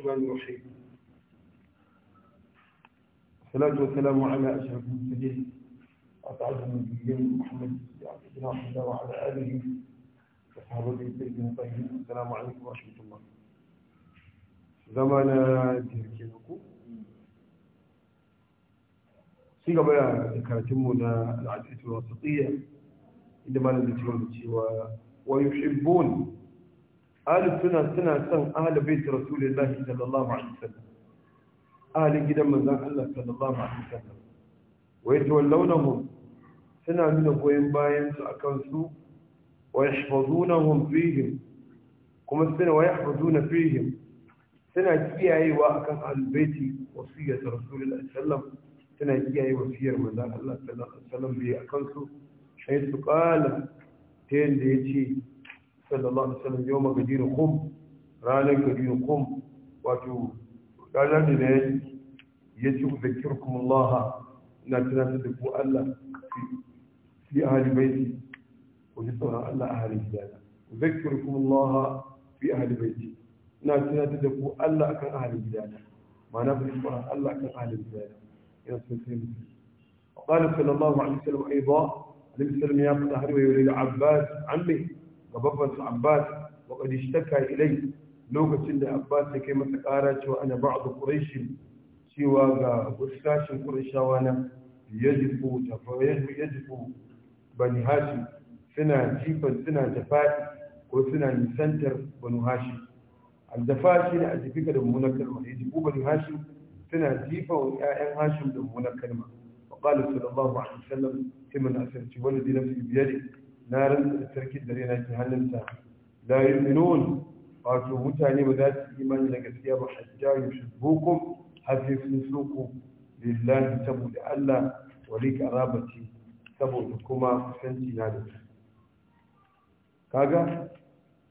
الرحمن الرحيم الصلاة والسلام على أشرف المرسلين أسعد النبيين محمد عبد الله وعلى آله وصحبه سيدنا الطيبين السلام عليكم ورحمة الله زمانا تركيكم sun gaba da karatunmu الوسطية عندما نتكلم ويحبون أهل سنة سنة سن أهل بيت رسول الله صلى الله عليه وسلم أهل جدا من ذاك الله صلى الله عليه وسلم ويتولونهم سنة من قوين باين سأكنسوا ويحفظونهم فيهم كما سنة ويحفظون فيهم سنة تيجي أي واقع أهل بيت وصية رسول الله صلى الله عليه وسلم سنة تيجي أي وصية من ذاك الله صلى الله عليه وسلم بيأكنسوا حيث قال تين ديتي دي صلى الله عليه وسلم يوم قدير قم رانا قدير قم واتو قال لنا يجب ذكركم الله لا تدفو الله في في اهل بيتي وجدنا الله اهل الجنه اذكركم الله في اهل بيتي لا تدفو الله كان اهل الجنه ما نبغي الله كان اهل الجنه يا سيدي وقال صلى الله عليه وسلم ايضا لم يسلم يا ابن اهل ويريد العباس عمي ga babban Abbas wa qad ishtaka ilai lokacin da Abbas ya kai masa ƙara cewa ana ba'du quraish cewa ga wasashin qurayshawa nan yajibu tafayyaju yajibu bani hashim suna jifan suna jafa'i ko suna nisantar bani hashim al-jafa shi ne a jifika da mummunar kalma yajibu bani hashim suna jifa wa ƴaƴan hashim da mummunar kalma وقال صلى الله عليه وسلم لمن أسرت wani نفسي biyar. نار التركيز الذين جهنم تا لا يؤمنون قالوا متى ني بذات إيمان لقسيا بحجا يشبهوكم حفي فنسوكم لله تبو لألا وليك أرابتي تبو لكما فنسي نادت كاغا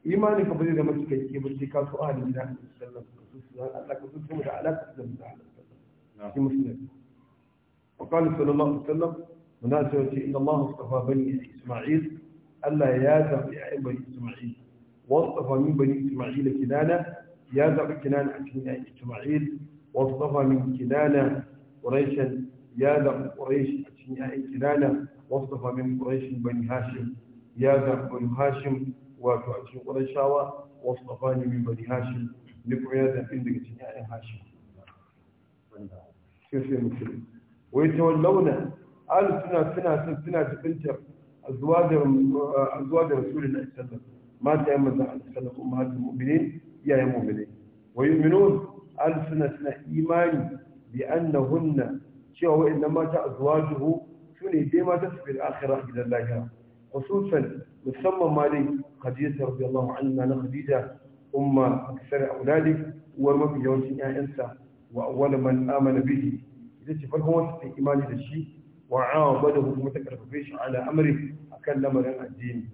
إيمان فبدي دمتك يبتدي كاتو أهل من أهل السلام الله كتبه على كتبه على كتبه على وقال صلى الله عليه وسلم مناسبة إن الله اصطفى بني إسماعيل Allah ya zaɓi ‘ya'yan bani Ismail, wasu tsafamin bani Ismail a kinana ya zaɓi kinana a cikin ‘ya'yan Ismail, wasu tsafamin kinana ƙurashen ya zaɓi ƙurashi a cikin ‘ya'yan kinana, wasu tsafamin ƙurashin bani Hashim ya zaɓi bani Hashim wato a cikin ƙurashawa, wasu tsafamin min bani Hashim, ni kuma ya zaɓi daga cikin ‘ya'yan Hashim. Sai sai mutum. Wai ta wallawna, alu suna suna suna jibintar أزواج أزواج رسول الله صلى الله عليه وسلم ما تأمل الله صلى أمهات المؤمنين يا المؤمنين ويؤمنون ألسنة إيمان بأنهن شو إنما أزواجه شنو ديما تسبي الآخرة إلى الله خصوصا مسمى مالي خديجة رضي الله عنها أنا خديجة أم أكثر أولادي ومن يوم أنسى وأول من آمن به إذا هو إيمان الشيء وعابده متكرفش على أمره أكلم لنا الدين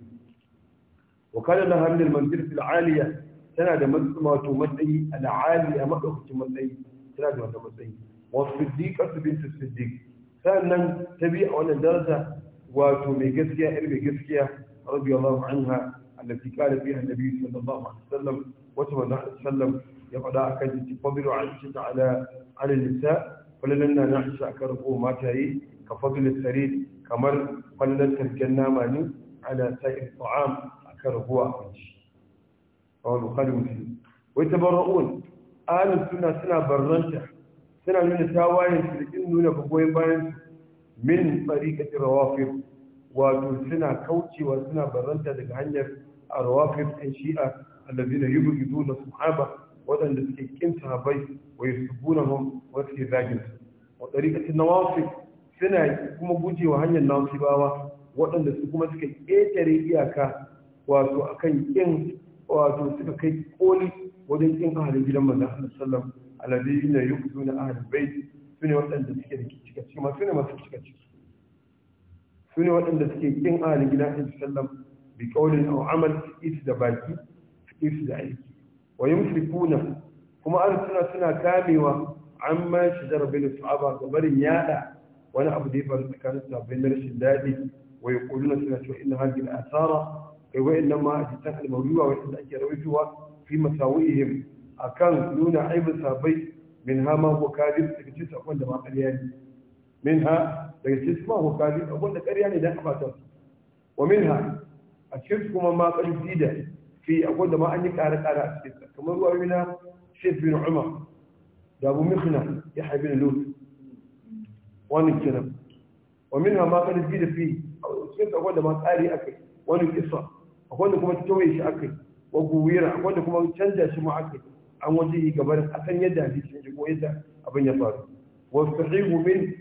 وقال لها من المنزلة العالية سنة دمتما تمتعي العالية مأخ تمتعي سنة دمتعي وصفديك أصبين تصفديك فأنا تبيع وانا درسة وتومي قسكية إربي قسكية رضي الله عنها التي كان فيها النبي صلى الله عليه وسلم وتمنى الله عليه وسلم لها يبعد أكد على على النساء falalan na na isa aka rubo mataye ka fadlul sarir kamar kwallon tarken nama ne ala sa'ir ta'am aka rubo a kunci wani bukari mutum wai tabarra'un alin suna suna barranta suna nuna ta su da kin nuna goyon bayan su min tsarikatin rawafir wato suna kaucewa suna barranta daga hanyar a rawafir ɗin shi'a allazi na yubu gidu na sahaba waɗanda suke kin sahabai wa yusubuna hum wa suke zagin su wa na wafi suna kuma gujewa hanyar nawafibawa waɗanda su kuma suka ƙetare iyaka wato akan ƙin wato suka kai koli wajen ƙin ahalin gidan manzan Allah sallam alabi na yi kudu na ahalin bai su ne waɗanda suke da cikaci masu ne masu ciki su ne waɗanda suke ƙin ahalin gidan Allah sallam bi ƙaunin au amal su da baki su da aiki wa yin kuma an suna suna kamewa amma shajara bainu sahaba ga barin yada wani abu da ya faru tsakanin sabbin na rashin daɗi wa ya kuluna suna cewa inna hajji da asara kai wa'annan ma a jitan almaruwa wa'anda ake rawaituwa fi masawihim akan nuna aibin sabai min ha ma ko kadib daga cikin sakon da ma ƙarya ne min ha daga cikin ma ko kadib abin da ƙarya ne dan abatar wa min ha a cikin kuma ma ƙarfi da fi abin da ma an yi ƙara ƙara a cikin kamar ruwa yana shef bin umar da abu mihna ya haifi da lutu wani kira wa min ma kan fi da fi a cikin akwai da ma tsari akai wani kisa akwai da kuma tawaye shi akai wa guwira akwai da kuma canja shi ma akai an waje yi gabar a san yadda hadisin shi ko yadda abin ya faru wa sahihu min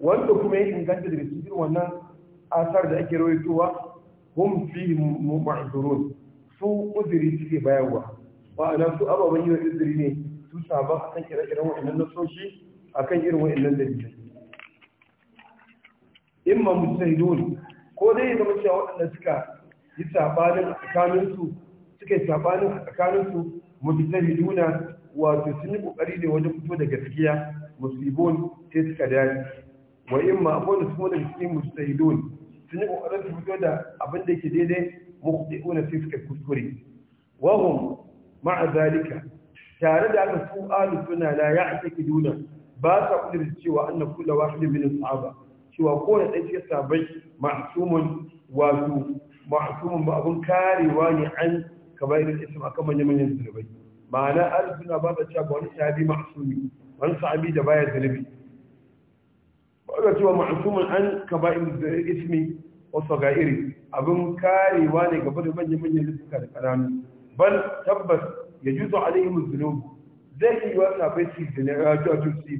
wanda kuma ya inganta daga cikin wannan asar da ake rawaitowa hum fi ma'azurun su uzuri suke bayarwa ma'ana su ababen yi wa izini ne su sabon akan kire-kiren wa'annan nasoshi akan irin wa'annan dalilai in ma mujtahidun ko dai ya zama cewa waɗanda suka yi sabanin a tsakaninsu suka yi sabanin a tsakaninsu mujtahiduna wato sun yi kokari ne wajen fito da gaskiya musibon sai suka dace wa in ma akwai su kuma da cikin mujtahidun sun yi kokarin su fito da abin da ke daidai mukhti'una sai suka kuskure wahum ma'a zalika tare da aka su alu suna la ya ake kiduna ba sa kudur cewa an na kula wahidin min sahaba cewa ko da ya cikin sabai ma'asumun wato ma'asumun ba abun karewa ne an kabairin a kan manya manyan zunubai ma'ana alu suna ba ta cewa wani sahabi ma'asumi wani sahabi da baya zunubi ba ga cewa ma'asumun an kabairin ismi wasu ga iri abun karewa ne gaba da manya manyan zunubai da ƙananu bal tabbas ya juzo alaihim zunub zai yi wa sabai su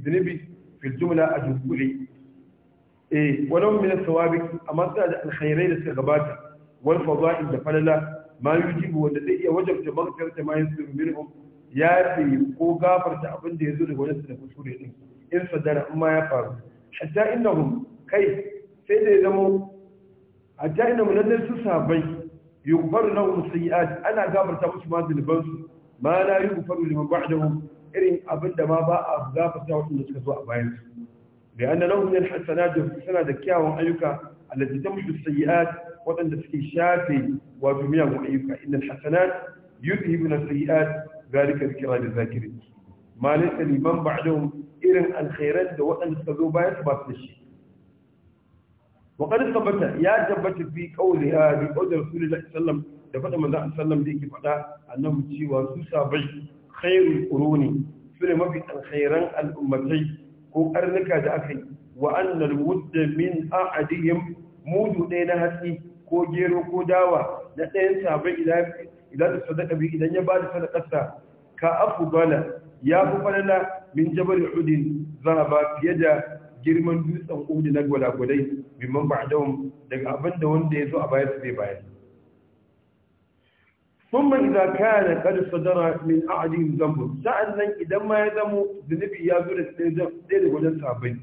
zunubi fi jumla a dunkule eh wani min sawabi amma suna da alkhairai da suka gabata wal fadail da falala ma yujibu wanda zai iya wajabta maghfirata ma yasiru minhum ya fi ko gafarta abin da yazo daga wajen da kusure amma ya faru hatta innahum kai sai da ya zama يغفر لهم السيئات انا غفرت مش ما ذنبهم ما لا يغفر لمن بعدهم ارين ابدا ما باء اغفر سوى ان تسكوا باين لان لهم من الحسنات سنة ذكيه وعيك الذي تمش السيئات وتند في شافي وجميع وعيك ان الحسنات يذهب من السيئات ذلك ذكرى للذاكرين ما ليس لمن بعدهم ارين الخيرات وان تسكوا باين ما في وقد ثبت يا ثبت في قولها بقول رسول الله صلى الله عليه وسلم da faɗa manzo sallallahu alaihi wasallam da su sabai khairul quruni sune mafi alkhairan al'ummatai ko karnuka da aka yi wa annal min a'adihim mudu ɗaya na hatsi ko gero ko dawa na ɗaya sabai idan da sadaka bi idan ya bada sadakarsa ka afu bala yafi fi falala min jabal udin zahaba fiye da girman dutsen uku na gwada-gwadai bimban ba a daga abinda wanda ya zo a bayan su zai bayan sun ban da kaya da kada su zara min a'adin zambo sa'an nan idan ma ya zamo zunubi ya zo da ɗaya da wajen sabai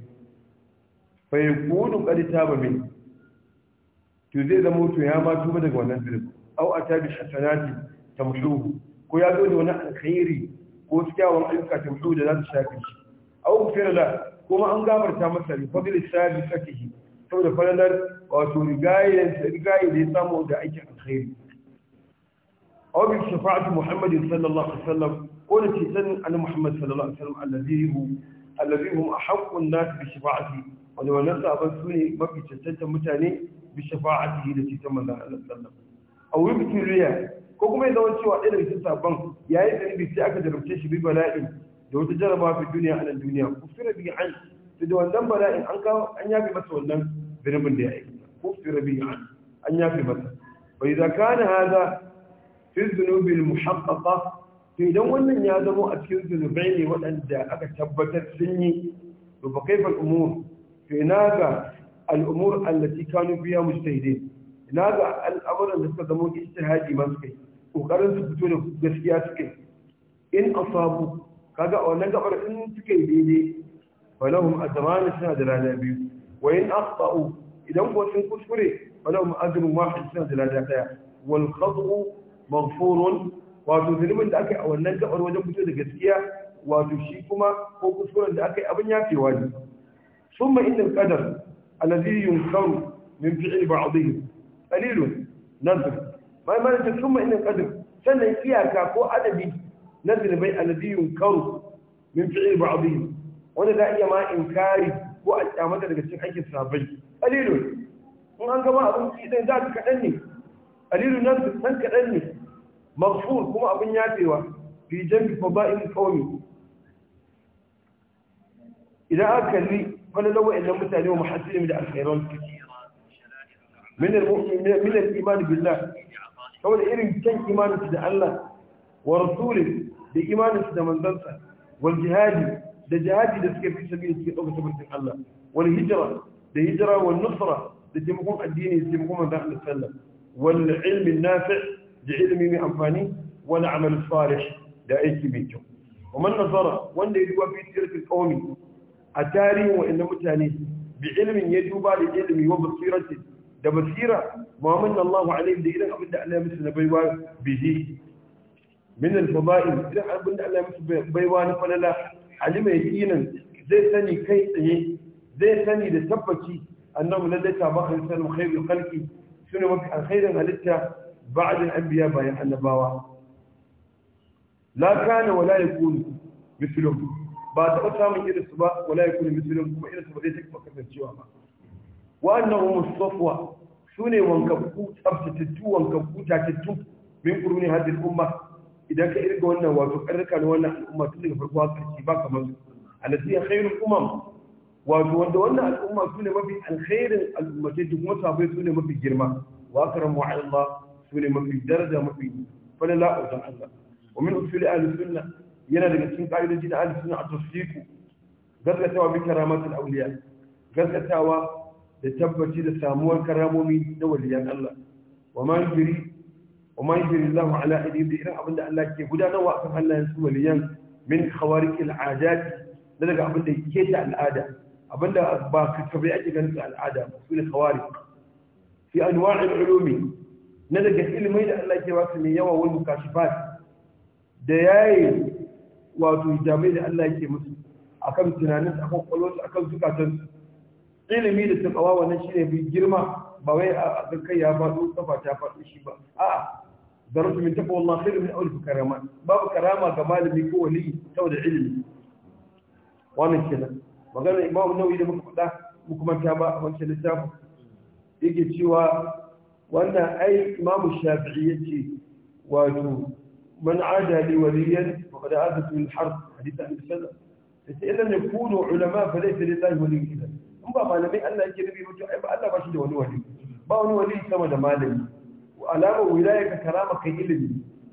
bai kunu kadi ta ba min to zai zamo to ya ma tuba daga wannan zunubi au a ta bi shatanati ta mushuhu ko ya zo da wani alkhairi ko su kyawun ayyuka ta mushuhu da za su shafi shi au fi rala kuma an gafarta masa bi fadli sabiqatihi saboda falalar wato rigayen rigayen da ya samu da aikin alkhairi aw bi shafa'ati muhammad sallallahu alaihi wasallam ko da titan annabi muhammad sallallahu alaihi wasallam alladhi hu a hum ahaqqu bi shafa'ati wanda wannan sahabban su ne mafi cancantar mutane bi shafa'atihi da titan manzon Allah sallallahu a wasallam bikin bi ko kuma ya zama cewa ɗaya daga cikin sabon yayin da sai aka jarumce shi bi bala'in لو تجرى ما في الدنيا على الدنيا كفر بي عنه تدوان لما لائم عنك ان يابي بس ولن بنم دي اي كفر به عنه ان يابي بس واذا كان هذا في الذنوب المحققه في دون ولن يا اكيد ذنوبين ولن دا اكا تبتت سني وكيف الامور في ناغا الامور التي كانوا فيها مجتهدين ناغا الامر اللي استخدموه اجتهادي مسكي وقرر سبتونه بسياسكي ان اصابوا kaga a wannan gabar in suke yi daidai falahum ajran suna da lada biyu wa in aqta'u idan ko sun kuskure falahum ajrun wahid suna da lada daya wal khata'u maghfurun wato zulumin da akai a wannan gabar wajen fito da gaskiya wato shi kuma ko kuskuren da aka yi abin yafewa ne summa innal qadar alladhi yunkaru min fi'l ba'dihim qalilun nazr mai mai summa innal qadar sannan iyaka ko adabi نزل بي الذي ينكر من فعل بعضهم وانا ذا ايما انكار واتعمد لك السيح ايك السابي قليل وانا انكما اظن في ايدين ذات كأني قليل نزل من كأني مغفور كما اظن ياتيوا في جنب فبائل قومي اذا اكل لي قال لو ان لم ومحسين من الخيرون من الايمان بالله هو الايمان كان ايمان بالله ورسوله da imaninsu da manzansa wal jihadi da jihadi da suke fi sabi suke ɗauka sabbin Allah wal hijira da hijira wal nusra da taimakon addini da taimakon manzan Allah sallam wal ilmi nafi da ilmi mai amfani wal amal salih da aiki mai kyau wa man nazara wanda ya duba fi sirrin qaumi a tarihin wa'annan mutane bi ilmin ya duba da ilmi wa basirati da basira ma manna Allahu da idan abin da Allah ya musu baiwa bihi min al-fada'il idan abinda Allah ya musu baiwa na falala alima yaqinan zai sani kai tsaye zai sani da tabbaci annabi lalle ta ba kan sanin khairul khalqi shine mafi alkhairin halitta ba'd al-anbiya bayan annabawa la kana wala yakunu mithluhu ba ta samun irin su ba wala yakunu mithluhu kuma irin su ba zai taɓa kasancewa ba wa annahu mustafwa sune wankakku tsaftatattu wankakku tatattu min quruni hadhihi al-ummah idan ka irga wannan wato karnuka na wannan al'umma tun daga farko har ƙarshe ba kamar su alasiya khairul umam wato wanda wannan al'umma su ne mafi alkhairin al'ummatai da kuma sabai su ne mafi girma wa karamu Allah su ne mafi daraja mafi falala a wajen Allah wa min usuli ahli sunna yana daga cikin ka'idoji na ahli sunna at-tasdiqu gaskatawa bi karamatul awliya gaskatawa da tabbaci da samuwar karamomi na waliyan Allah wa man yuri وما يجري الله على أيديهم إذا أبدا الله كي بدأنا وأكم الله يسوى ليان من خوارق العادات لذلك أبدا كيتا العادة أبدا باك تبعي كانت العادة في الخوارق في أنواع العلوم لذلك علم إذا الله كي واسم يوى والمكاشفات دياي واتو جامعي إذا الله كي مسلم أكم تنانس أكم قلوس أكم سكاتنس ilimi da takawa wannan shine bi girma ba wai a kai ya faɗo kafa ta faɗo shi ba a'a درجة من جبه والله خير من أول كرامات باب كرامة قبالي بيكو لي تود علمي وانا كده وقال إمام النووي لما كنت أخذ مكما كابا وانا كده سافة يجي تشوى وانا أي إمام الشافعية واجو من عاد لي وليا وقد عادت من الحرب حديث أهل السنة إذا لم يكونوا علماء فليس لله ولي كذا أما ما لم يأنا يجي نبي رجوع أما ألا باشد ولي ولي باون ولي سمد مالي alamar wilaya ka karama kan ilimi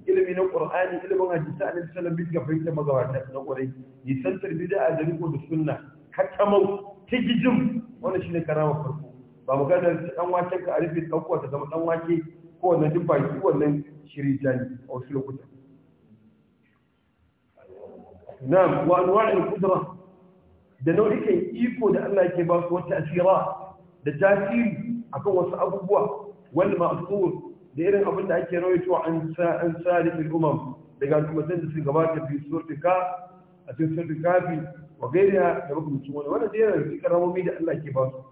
ilimi na qur'ani ilimin hadisi annabi sallallahu alaihi wasallam bisa magabata na ƙwarai nisantar bid'a da riko da sunna katamau tigijim wannan shine karama farko ba mu gada dan waken ka arifi dauko ta zama dan wake ko wannan dubba ki wannan shiri jani a wasu lokutan na'am wa anwa'il qudra da nau'ikan iko da Allah yake ba su wata asira da tasiri akan wasu abubuwa wanda ma'asur da irin abin da ake rawaito an an salifin umam daga al'ummatan da suka gabata fi suratul ka a cikin suratul kafi wa gairiya da makamancin wani wannan dai yana da karamomi da Allah ke ba su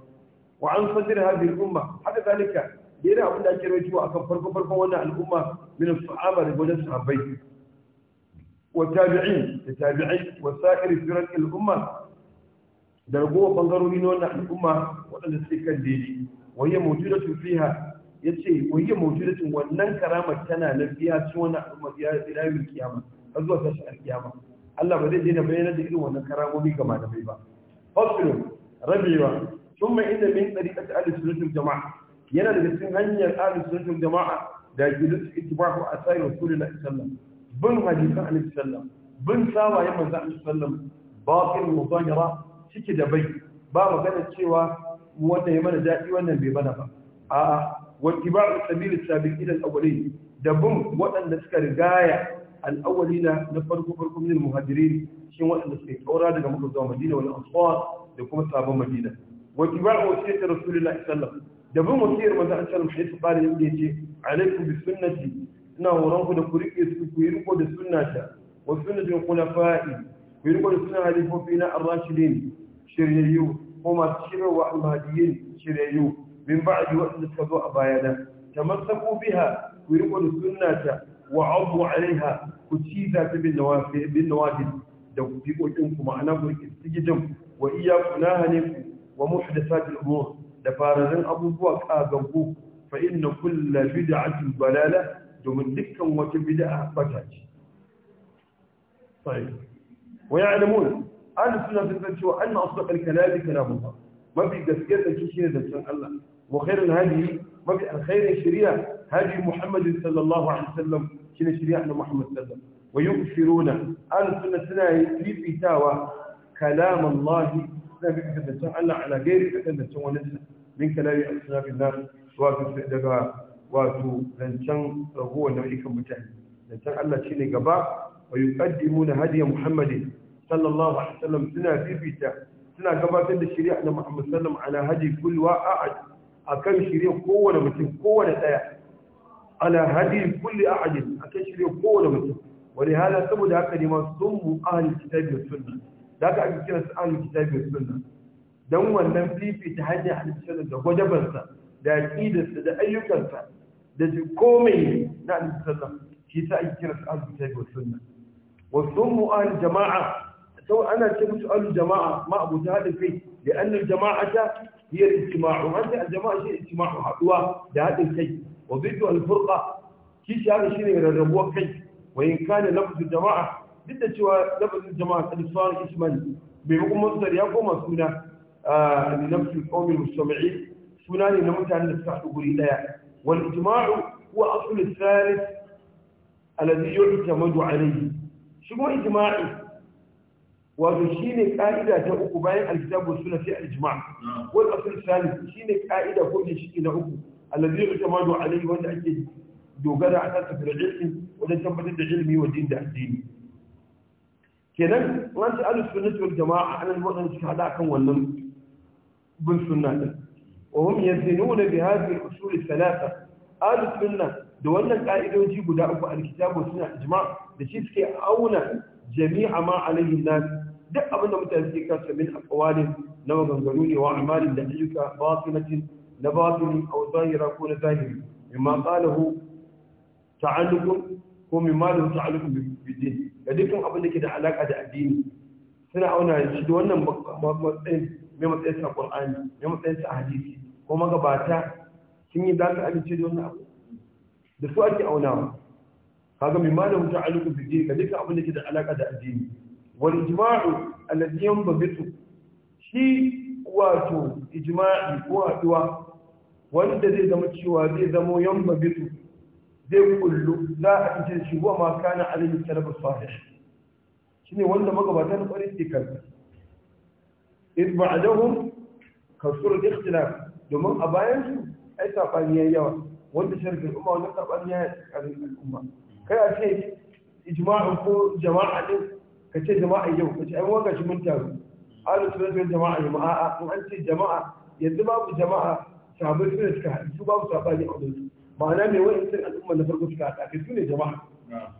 wa an sadr hadhihi al-umma haka zalika da irin abin da ake rawaito akan farko farkon wannan al'umma min as-sahaba da wajen sahabbai wa tabi'in da tabi'in wa sa'ir firaq al-umma da ragowar bangarori na wannan al'umma waɗanda suke kan daidai wa hiya mawjudatun fiha ya ce wahiyar mawujudatin wannan karama tana na biya ci wani al'ummar ya yi kiyama har zuwa tashin alkiyama Allah ba zai daina bayyana da irin wannan karamomi da malamai ba hospital rabewa sun mai inda min tsari ta ahlus sunnatul jama'a yana daga cikin hanyar ahlus sunnatul jama'a da suke jilus ittibahu asai rasulullahi sallallahu bin hadisan alaihi sallam bin sawaye manzo alaihi sallam batil muzahira ciki da bai ba magana cewa wanda ya mana daɗi wannan bai mana ba a'a واتباع سبيل السابقين الأولين دبم وأن نسكر غاية الأولين نفرق فرق من المهاجرين شين وأن نسكر أورا دقا مكزوا مدينة والأنصار دقوم الصحابة مدينة واتباع وسيلة رسول الله صلى الله عليه وسلم دبم وسيلة مدى أنسان حيث قال يمديتي عليكم بالسنة إنه ورنك دكوريك يسكوكويركو دسنة وسنة الخلفاء ويركو دسنة هذه فينا الراشدين شريعيو وما تشير وحماديين شريعيو من بعد وقت الكذوء بايدا تمسكوا بها ويقوا السنة وعضوا عليها كتشيزة بالنواجد دو بيقوا جنكم معنا بريك السجدم وإياكم ناهنكم ومحدثات الأمور دفارزن أبو بوك آذوه فإن كل بدعة بلالة دو من لكا وكبدا أحبتاج طيب ويعلمون أهل السنة الفتح أن أصدق الكلام كلام الله mafi gaskiyar da shi ne zancen Allah wa khairul hadi mafi alkhairin shari'a hadi Muhammad sallallahu alaihi wasallam shine shari'a na Muhammad sallallahu wa yukfiruna an sunna suna fifitawa kalam Allah suna fifita zancen Allah ala gairi akan zancen wani min kalami ashabin nar wato daga wato zancen ragowar nau'ikan mutane zancen Allah shine gaba wa yuqaddimuna hadiya Muhammadin sallallahu alaihi wasallam suna fifita suna gabatar da shari'a na Muhammad sallam ala hadi kullu wa'ad akan shari'a kowane mutum kowane daya ala hadi kulli ahad akan shari'a kowane mutum wani hala saboda haka ne ma sunmu ahli kitabi wa sunna da haka ake kira su ahli kitabi wa sunna dan wannan fifita hanyar halittar da gwajabansa da aqidarsa da ayyukansa da komai na annabi sallallahu alaihi wasallam shi ta ake kira su ahli kitabi wa sunna wa sunmu ahli jama'a سو أنا اسال الجماعة ما أبو هذا فيه لأن الجماعة هي الاجتماع وهذه الجماعة هي اجتماع حقوة لهذا الشيء وضد الفرقة كيش هذا الشيء من الربوة كي وإن كان لفظ الجماعة ضد شوى لفظ الجماعة صار اسما بحكم مصدر يقوم سنة آه لنفس القوم المجتمعين سنة لنمت عن الفتح قريبا والاجتماع هو أصل الثالث الذي يعتمد عليه شو هو إجماعي wato shine ka'ida ta uku bayan alkitabu sunna sai al-ijma' wal asl salis shine ka'ida ko shi na uku alladhi yutamadu alayhi wanda ake dogara a kansa fil ilmi wajen tabbatar da ilmi wa din da addini kenan wanda ahlus sunnah wal jama'a anan wadan suka hada kan wannan bin sunna din wa hum yazinuna bi hadhihi al-usul thalatha ahlus sunnah da wannan ka'idoji guda uku alkitabu sunna ijma' da shi suke auna jami'a ma alaihi nas duk abinda mutane suke kasa min aqwalin na maganganu ne wa amalin da ayyuka batinatin na batini aw zahira ko na zahiri mimma qalahu ta'alluqun ko mimma lahu ta'alluqun bi din da dukkan abin da ke da alaka da addini suna auna shi da wannan matsayin mai matsayin sa Qur'ani mai matsayin sa hadisi ko magabata sun yi da su amince da wannan abu da su ake aunawa kaga mai malamin ta aluku bi ka duka abin da ke da alaka da addini wal ijma'u alladhi yanbabitu shi wato ijima'i ko haduwa wanda zai zama cewa zai zama yanbabitu zai kullu za a ce shi wa ma kana alayhi salafus salih shine wanda magabata na kwarin ke kansa idh ba'dahum kasur ikhtilaf domin a bayan su ai sabani yayi yawa wanda sharhi umma wanda sabani yayi al'umma kai a ce ijma'in ko jama'a din ka ce jama'a yau ka ce ai wanga shi mun taru alu sunan jama'a yau a'a in an ce jama'a yanzu babu jama'a sabbin suna suka haɗu su babu sabani a wajen ma'ana mai wani sun al'umma na farko suka haɗa kai su ne jama'a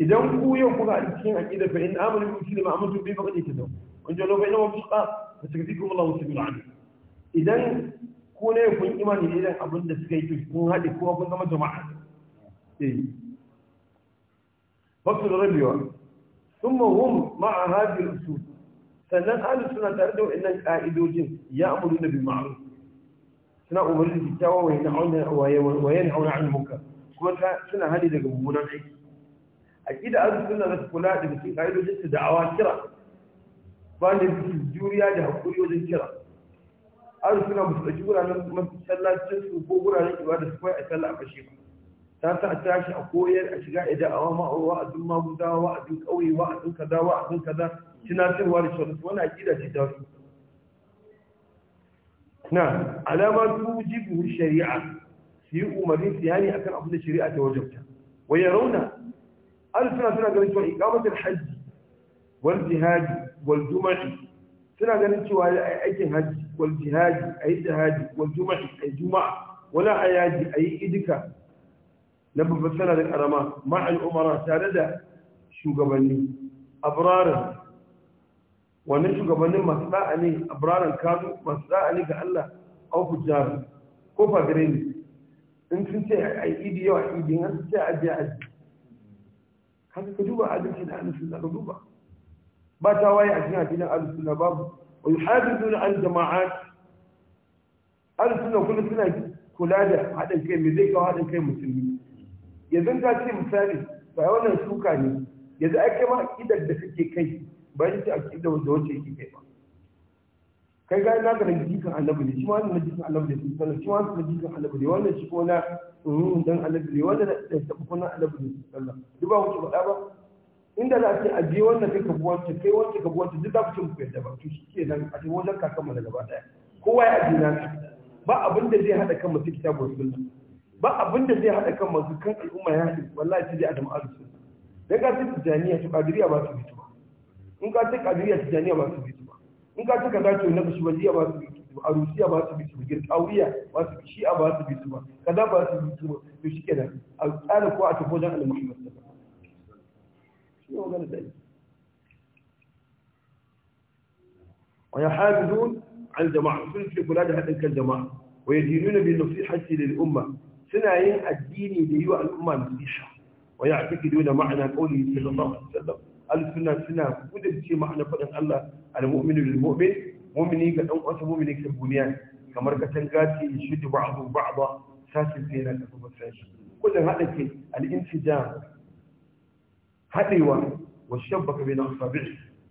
idan ku yau kuka haɗu cikin aƙida fa in amanu bi musulmi ma amantu bi faqad ihtadaw kun jalo bai nawa fuqa fa sayyidikum Allahu sabila an idan ku ne kun imani da idan abin da suka yi kun haɗe kuma kun zama jama'a fasul rabewa sun sannan halin suna tare da wa'annan ƙa'idojin ya amuru da bin ma'aru suna umarni da kyakkyawa wayan hauna an muka kuma suna hali daga mummunan aiki a ƙida an suna na kula da cikin ƙa'idojin su da'awa kira ba da bisu juriya da haƙuri wajen kira an suna musu ko wuraren a تاتا تاش اقوي اشجع اذا اوما او وعد ما بدا وعد قوي وعد كذا وعد كذا تناتر ورشون وانا اكيد اجدار نعم على ما توجبه الشريعه في امر ثاني اكن اقول الشريعه توجبتها ويرون الف سنه قبل اقامه الحج والجهاد والجمع سنه قبل شو اي حج والجهاد اي جهاد والجمع اي جمع ولا اياد اي إدكا لما بثنا للأرماء مع الأمراء سالدة شو قبلني أبرارا ونشو قبلني مصدعني أبرارا كادو مصدعني كألا أو فجار كوفا قريني إن كنت أيدي يو أيدي أنا كنت أجي أجي هذا كجوبة عدل كنا أهل السنة كجوبة باتا واي أجناء كنا أهل السنة باب ويحاجدون عن جماعات أهل السنة كل سنة كلادة هذا كي مذيك وهذا كي مسلمين yanzu ta ce misali ba wannan shuka ne yanzu kai ma idan da kake kai bayan ta akidar da wacce yake kai ba kai ga na garin jikin annabi ne shi ma wannan jikin annabi ne sallallahu shi ma wannan jikin annabi ne wannan shi ko na ruhun dan annabi ne wannan da tabu kuma annabi ne sallallahu duk ba wuce faɗa ba inda za a ce a je wannan kai ka buwanta kai wanda ka buwanta duk za ku ce muku yadda ba to shi ke nan a ce wannan ka mu da gaba daya kowa ya ajiye na ba abin da zai hada kan mutum kitabun sunna ba abin da zai haɗa kan masu kan al'umma ya haɗu wallahi sai dai a jama'a da ka ce tijaniya ta kadiriya ba su bitu ba in ka ce kadiriya tijaniya ba su bitu ba in ka ce kaza to na kashubaliya ba su bitu ba arusiya ba su bitu ba girkawiya ba su shi'a ba su bitu ba kaza ba su bitu ba to shi kenan a tsara ko a tafi wajen al-muhammad sallallahu alaihi wasallam shi ne magana da yi ويحافظون على الجماعة في الكلاد هذا الجماعة ويدينون بالنصيحة للأمة سنعين الديني ليوع الأمة المليشة ويعتقدون معنى قوله صلى الله عليه وسلم السنة سنة كل شيء معنى فقط الله المؤمن للمؤمن مؤمني قد أنقص مؤمني كسب بنيان كما ركتن قاتي يشد بعض بعض ساسل فينا كسب الفاشل كل هذا كي الانفجام هذه واحد والشبك بين أصابع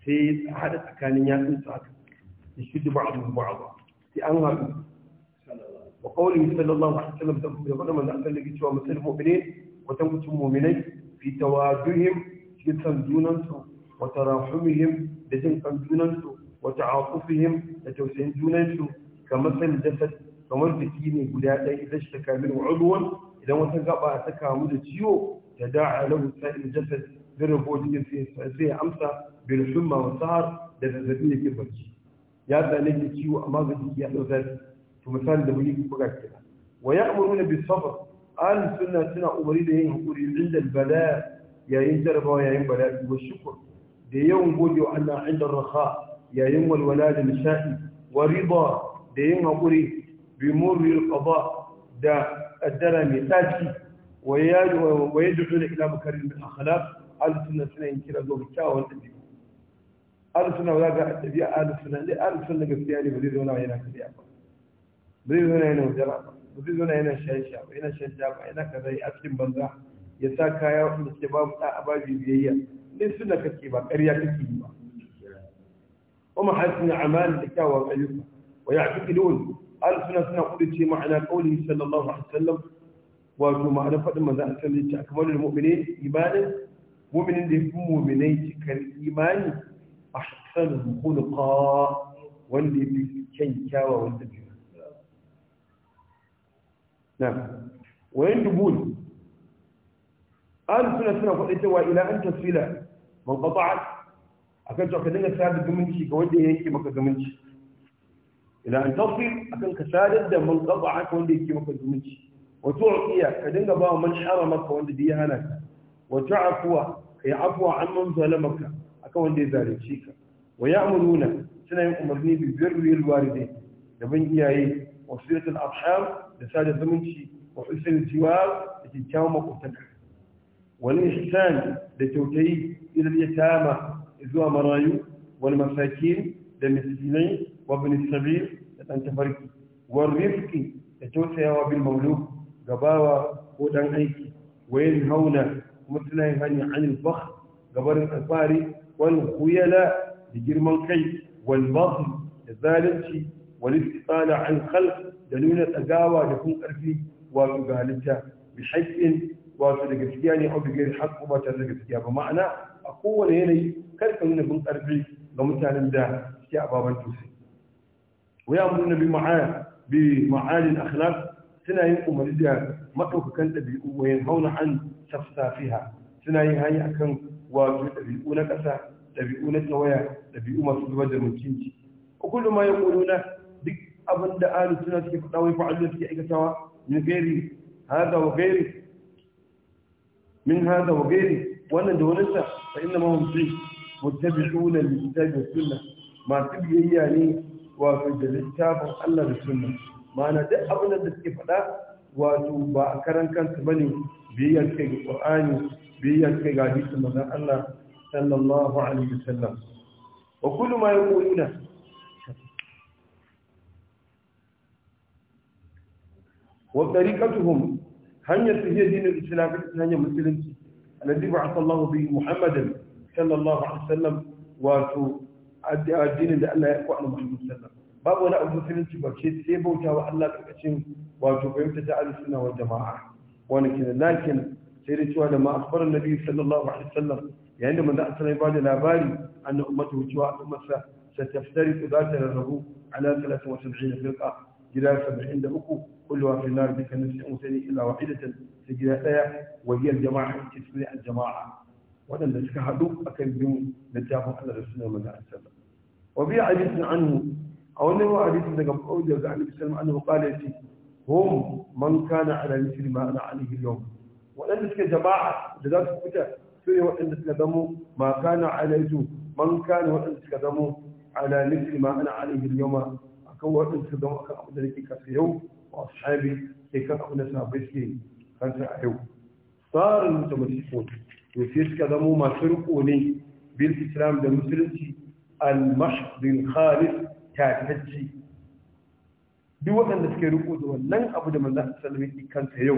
في هذا كان ينسى يشد بعض بعض في أنغام wa qawlihi sallallahu alaihi wasallam da wannan manzo Allah yake cewa musulmi mu'minin wa tankutu mu'minai fi tawaduhum fi san junansu wa tarahumihim da jin kan junansu wa ta'atufihim da tausayin junansu kamar san jasad kamar biki ne guda daya idan shi ta kamin idan wata gaba ta kamu da ciwo da da'a lahu sa'il jasad zai rabo sai ya amsa bil sahar da zazzabi yake barci ya tsane da ciwo amma ga jiki ya ɗau to misali da muni buga kenan wa ya'muruna bis sabr al sunna suna umari da yin hakuri inda bala yayin jarabawa yayin bala wa shukr da yawan gode wa Allah inda raha yayin walwala da nishaɗi wa riba da yin hakuri bi murri qada da addara mai tsaci wa yad'u ila makarin min akhlaq al sunna suna yin kira zuwa kyawun dabi'a ألف سنة ولا قاعد تبيع ألف سنة ليه ألف سنة قلت يعني بدي ولا هنا تبيع zai zo yana wajara ba zai zo yana shaye shaye ba yana shan taba yana kaza ya askin banza ya sa kaya wanda suke babu da ababi biyayya ne suna kake ba ƙarya kake yi ba kuma hasina amal da kyawawan ayyuka wa ya'tiqidun al suna suna kudace ma'ana qawli sallallahu alaihi wasallam wato ma'ana fadin manzo an sallai ta kamalul mu'mini imanin mu'minin da yafi mu'minai cikar imani ahsanu khuluqa wanda yafi kyakkyawa wanda yafi na'am wayan dubul ahlu suna faɗa cewa ila an tasila man qata'a akan cewa ka dinga sadar gaminci ga wanda ya yanke maka gaminci ila an tasil akan ka sadar da man qata'a ka wanda yake maka gaminci wa tu'tiya ka dinga ba man harama ka wanda ya hana ka wa ta'fuwa ka yi afuwa an man zalamaka akan wanda ya zalunce ka wa ya'muruna suna yin umarni bi birril walidai da bin iyaye wa silatul arham da sada zumunci wa husnul jiwar da kyakkyawan wani wal ihsan da kyautayi ilal yatama zuwa marayu wani Masaki da miskinai wa ibn sabil da dan tafarki wal rifqi da kyautayawa bil mawlud gabawa ko dan aiki wayin hauna kuma suna yin hanyar anil bakh gabarin alfari wal khuyala da girman kai wal baghl da zalunci والاستقالة عن الخلق دلونا تقاوى لكم أرفي وتقالتا بحق وتلقسياني أو بغير حق وتلقسيا بمعنى أقول هنا كيف من بن أرفي ومتعلم ده يا بابا توسي ويأمرنا بمعاني بمعاني الأخلاق suna yin umarni ما maɗaukakan ɗabi'u wa yin hauna an tafsafiha suna yin hanya akan wato ɗabi'u na ƙasa ɗabi'u na tawaya ɗabi'u masu zubar da mutunci kullum ma ya abin da ahli suna suke faɗa wai fa'alin suke aikatawa min gairi hada wa gairi min hada wa gairi wannan da wani sa fa inna ma hum fi muttabi'una li kitabi wa sunna masu biyayya ne wato da littafin Allah da suna. ma'ana duk abin da suke faɗa wato ba a karan kansu bane biyayya suke ga Qur'ani biyayya suke ga hadisin manzon Allah sallallahu alaihi wasallam wa kullum ma yaquluna وطريقتهم هن يتهي دين الإسلام هن يمثلن الذي بعث الله به محمدا صلى الله عليه وسلم واتو الدين اللي الله يقوى على محمد صلى الله عليه وسلم باب ولا أبو سنة بكيت سيبو جاو الله كأشين واتو بيمت جعل السنة والجماعة ولكن لكن سيرت على ما أخبر النبي صلى الله عليه وسلم يعني عندما دعت العباد لا بالي أن أمته جواء أمة ستفترق ذات الربو على 73 فرقة جلال 70 أخوه كلها في النار بك نفس أنساني إلا واحدة سجلة لا وهي الجماعة تسمي الجماعة وأن تكهدوا أكل بهم نتابع على رسول الله صلى عليه وسلم وفي حديث عنه أو أنه حديث لك أوجه عن النبي صلى الله عليه وسلم قال لي هم من كان على مثل ما أنا عليه اليوم وأن تك جماعة جزاك كتا سوري وأن تكدموا ما كان عليه من كان وأن تكدموا على مثل ما أنا عليه اليوم أكون وأن تكدموا أكون أبدا لك كثير وأصحابي كيف أقول أسمع بيسلي خمسة أيوة صار المتمسكون يسيس كذا مو ما شرقوني بالإسلام ده مسلسي المشهد الخالص كاتحجي دي وقت أن نسكي رؤود ونن أبو جمال الله سلم كان سيو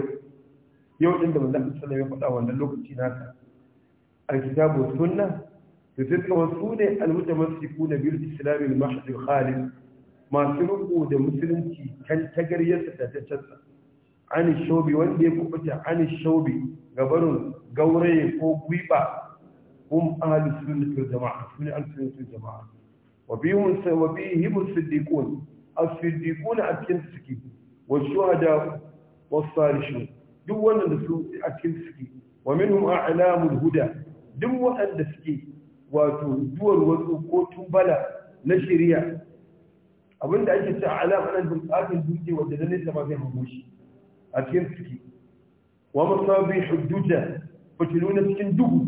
يو عند من الله سلم يقول أولا لوك تيناتا الكتاب والسنة يسيس كذا المتمسكون بالإسلام المشهد الخالص masu ruku da musulunci tantagaryarsa da ta canza ani shobi wanda ya kubuta ani shobi gabarin gauraye ko gwiba hum ahli sunnati wal jama'a sunni al sunnati wal jama'a wa bihum wa bihim as-siddiqun as-siddiqun a cikin suke wa shuhada wa salihun duk wannan da su a cikin suke wa minhum a'lamul huda duk waɗanda suke wato duwar wasu ko tumbala na shari'a abinda ake ce alam ana buƙatar dutse wanda da nesa ba zai hango shi a cikin suke wa masabi hudduja fitilu na cikin duhu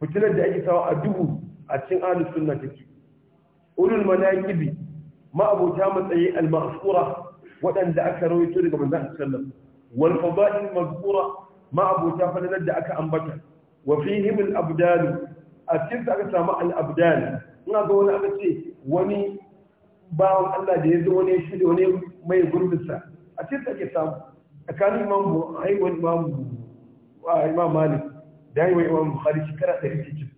fitilar da ake sawa a duhu a cikin ahlus sunna take ulul manaqibi ma abota matsayi al ma'sura waɗanda aka rawaito daga manzon sallallahu wal fada'il mazkura ma abota fadalar da aka ambata wa fihim al abdal a cikin aka samu al abdal ina ga wani aka ce wani bawan Allah da ya zo ne shi da wani mai gurbinsa a cikin take samu tsakanin imam haihuwar imam imam malik da haihuwar imam bukhari shekara ɗari cikin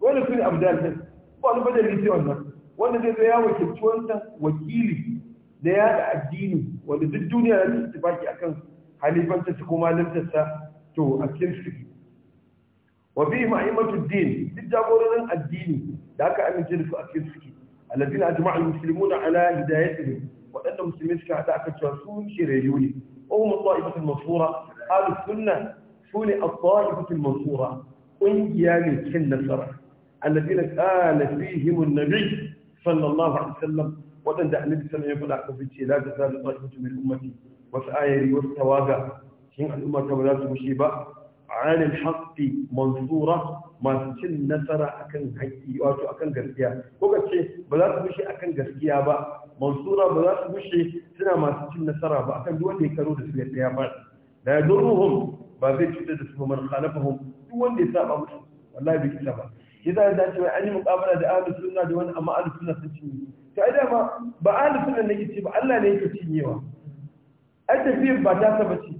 wani su ne abdal ɗin ko wani bada rikici wannan wanda zai zo ya wakilci wakili da ya da addini wanda duk duniya ya ci tufaki akan su ko lantarsa to a cikin su wa bi ma'imatu din duk jagororin addini da aka amince da su a cikin suke الذين أجمع المسلمون على هدايتهم وأن المسلمين كهذا كتشافون شريوني وهم الطائفة المنصورة أهل السنة سوني الطائفة المنصورة وإيامي كن الشرع الذين قال فيهم النبي صلى الله عليه وسلم وأن النبي صلى الله عليه وسلم يقول في لا تزال طائفة من أمتي وسآيري والتواجع شين الأمة ولا آية تمشي عن الحق منصورة masu cin nasara akan haƙƙi wato akan gaskiya ko ka ce ba za su bushe akan gaskiya ba mansura ba za su bushe suna masu cin nasara ba akan duk wanda ya karo da su yadda ya ba. da ya durruhum ba zai cuta da su man khalafahum duk wanda ya saba musu wallahi bai kisa ba yasa da dace wai an yi muƙabala da ahlus sunna da wani amma ahlus sunna sun cinye to ai dama ba ahlus sunna ne yake ce ba Allah ne yake cinyewa ai tafiyar ba ta saba ci.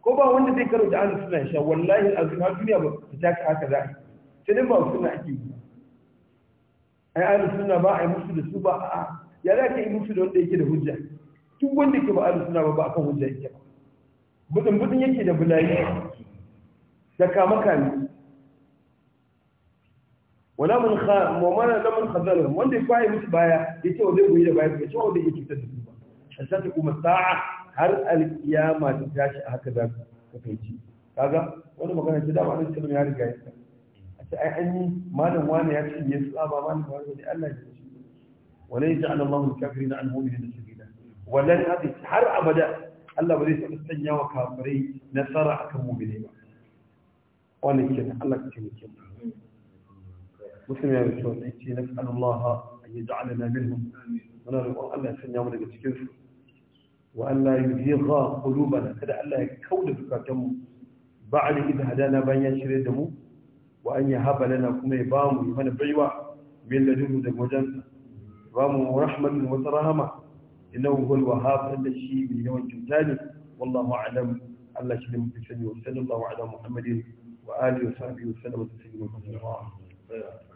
ko ba wanda zai karo da ahlus sunna insha wallahi a duniya ba ta haka za sai ba ba suna ake yi ai ahlus suna ba ai musu da su ba a ya za ka yi musu da wanda yake da hujja duk wanda yake ba ahlus suna ba ba kan hujja yake ba budin budin yake da bulayi da kama kami wala mun kha mu mana da mun khazal wanda ya fa'i musu baya yace wanda zai goyi da baya yace wa zai yake cutar da su ba hatta ta kuma sa'a har alkiyama ta tashi haka za ka kai ci kaga wani magana ce da ba ne ya riga ya a ai an yi malam wani ya ce ya saba malam wani ne Allah ya ce wala yaj'al Allahu al-kafirina al-mu'minina sabila wallan hadi har abada Allah ba zai taɓa sanya wa kafirai nasara akan mu'mini ba wannan kenan Allah ka taimake mu مسلم يا رسول allah ya الله أن يجعلنا منهم ونرجو الله يسلم يومنا بتكلف وأن لا يزيغ قلوبنا كذا ألا يكود بكاتم بعد إذا هدانا بين da mu. wa an ya haɓa lana kuma ya ba mu mana baiwa min ladunmu daga wajen ba mu rahmatin wata rahama innahu huwal wahhab da shi mai yawan kyauta ne wallahu a'lam Allah shi ne mutum sani wa sallallahu ala muhammadin wa alihi wa sahbihi wa sallam taslima